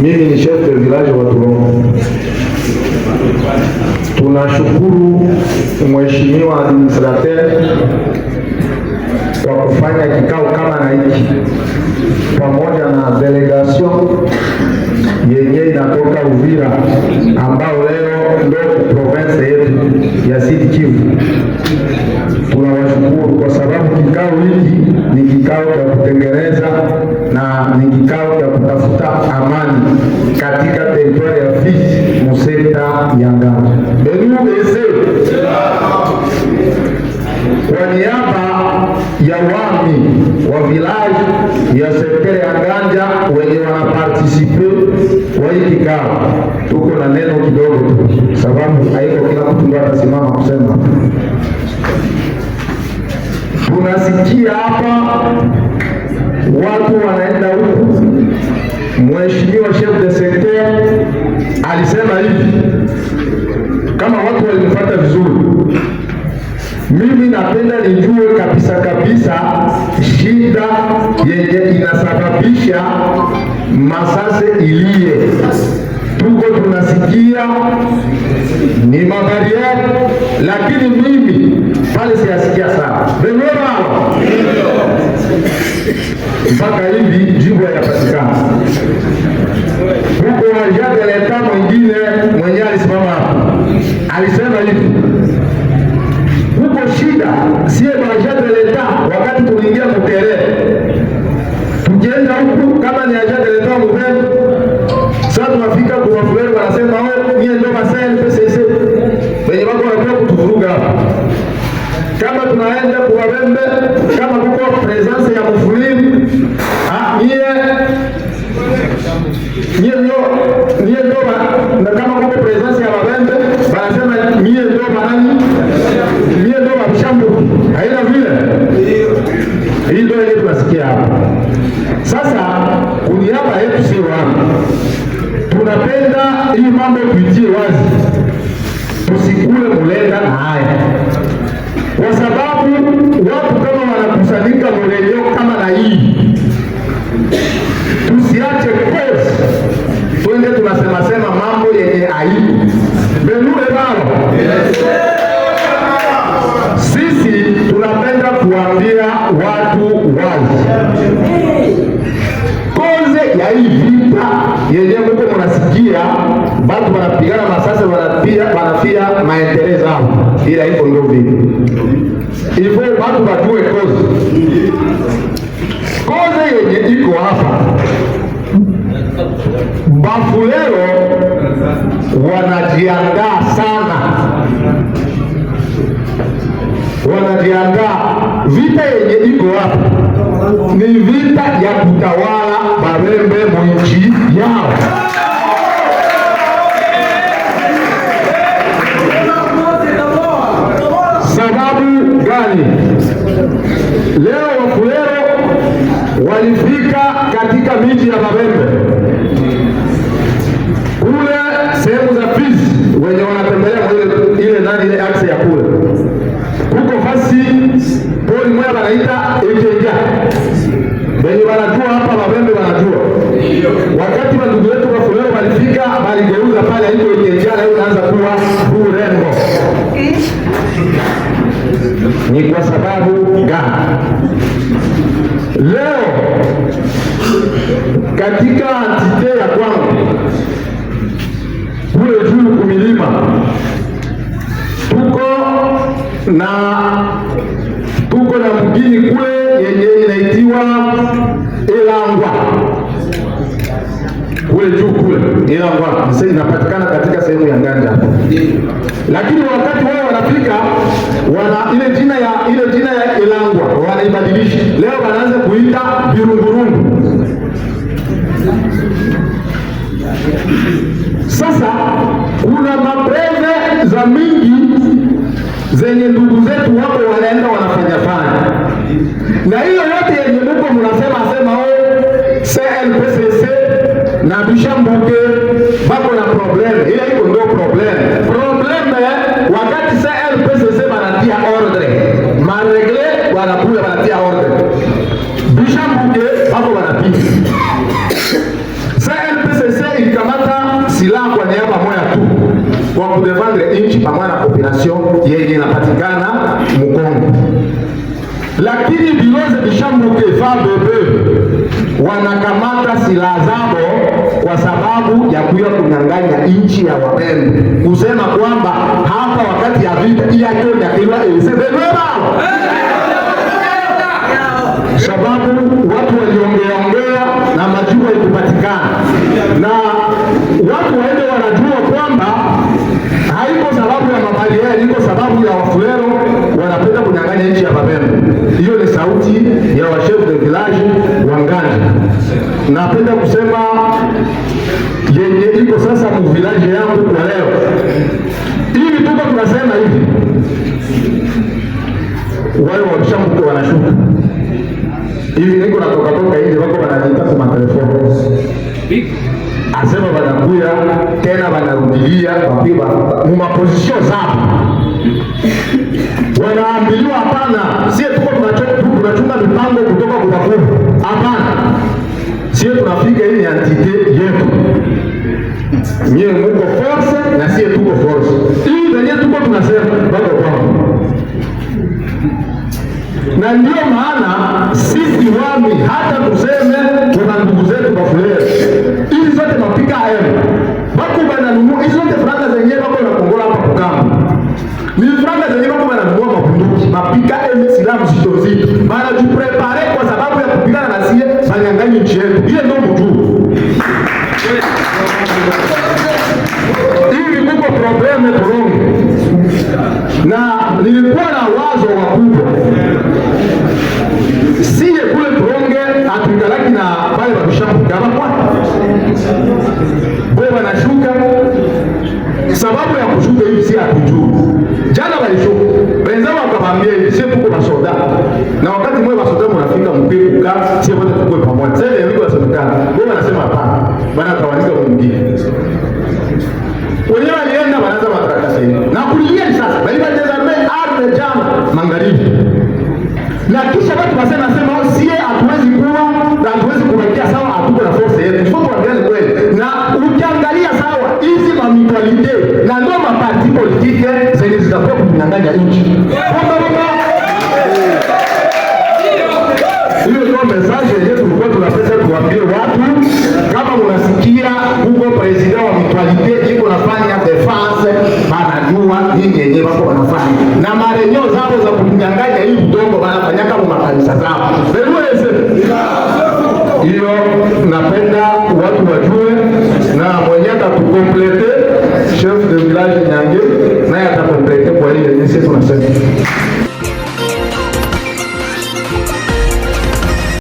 Mimi ni Sheikh Vilaj wa Tulungu. Tunashukuru Mheshimiwa Administrateur kwa kufanya kikao kama na hiki pamoja na delegation yenye inatoka Uvira ambao leo ndio province yetu ya Sud Kivu kikao cha kutengeneza na ni kikao cha kutafuta amani katika teritoria ya Fizi museta ya Ngara. Benubeze kwa niaba ya wami wa vilaji ya sekta ya Nganja wenye wanapartisipe wa hii kikao, tuko na neno kidogo tu, sababu haiko kila mtu atasimama kusema unasikia hapa watu wanaenda huku. Mheshimiwa chef de secteur alisema hivi, kama watu walinifuata vizuri, mimi napenda nijue kabisa kabisa shida yenye inasababisha masase iliye tuko tunasikia ni mabarieri, lakini mimi pale siyasikia sana venyera mpaka hivi jibu yanapatikana huko. Wajadeleta mwingine mwenye alisimama hapo alisema hivi huko, shida sie wajadeleta wakati tuliingia kutere Mie ndio mie ndio na kama presence ya wanasema mie ndio mie ndio mshambu, haina vile. Hii ndio ile tunasikia hapa sasa. Kuniaba yetu wangu, tunapenda hii mambo tuitie wazi, tusikule na haya, kwa sababu watu kama wanakusanyika mulenyo kama na hii wanapigana masasi wanapia wanafia maendeleo zao, ila hivyo ndio vile hivyo, watu wajue kozi kozi yenye iko hapa Bafulero wanajiandaa sana, wanajiandaa vita yenye iko hapa ni vita ya kutawala barembe mwinchi yao. gani? Leo Wakulero walifika katika miji ya Mabembe kule sehemu za Fizi, wenye wanatembelea ile ile nani ile axe ya kule huko fasi poli moja wanaita Ikenga, wenye wanajua hapa Mabembe wanajua ni kwa sababu gani? Leo katika antite ya kwangu kule juu kumilima, tuko na tuko na mgini kule yenye inaitiwa Elangwa kule juu kule Elangwa mseni napata sehemu ya nganja, lakini wakati wao wanafika wana ile jina ya ile jina ya Ilangwa wanaibadilisha, leo wanaanza kuita Virungurungu. Sasa kuna mabreve za mingi zenye ndugu zetu wako wanaenda wanafanya fanya na hiyo yote yenye muko mnasema sema, oh CNPCC na Bishambuke bako na problèmes. ile iko ndo que Probleme eh, wakati sa maladie à ordre maregle, wanakuya à ordre bisha bako il sa a ikamata silaha kwa niaba moya tu kwa à pamoja na population La inapatikana Mukongo, lakini biloze bishambuke fa bebe wanakamata silaha zao kwa sababu ya kuya kunyang'anya nchi ya Wapembe, kusema kwamba hapa wakati ya vita iyakonakilaiseeea sababu watu waliongeaongea na majua ikupatikana na watu waende wanajua kwamba haiko sababu ya mabaliani, iko sababu ya wafulero wanapenda kunyang'anya nchi ya Wapembe. Hiyo ni sauti ya washefu de village napenda kusema yenye iko sasa muvilaje yangu kwa leo hivi, tuko tunasema hivi, wale wakishamke wanashuka hivi, niko natoka toka hivi, wako wananiita kwa telefoni, asema wanakuya tena wanarudilia wapiba mumapozisio zao, wanaambiliwa hapana, sie tuko identite yetu. Nyie muko force na sie tuko force. Hii venye tuko tunasema bado kwao. Na ndio maana sisi wami hata tuseme kuna ndugu zetu Bafulero. Hizi zote mapika hayo. Bako bananunua hizi zote franga zenyewe bako na kongola hapo za kunyang'anya hii udongo wanafanyaka mu makanisa zao. Hiyo napenda watu wajue, na mwenye atakukomplete chef de village Nyange naye atakomplete kwa ile tunasema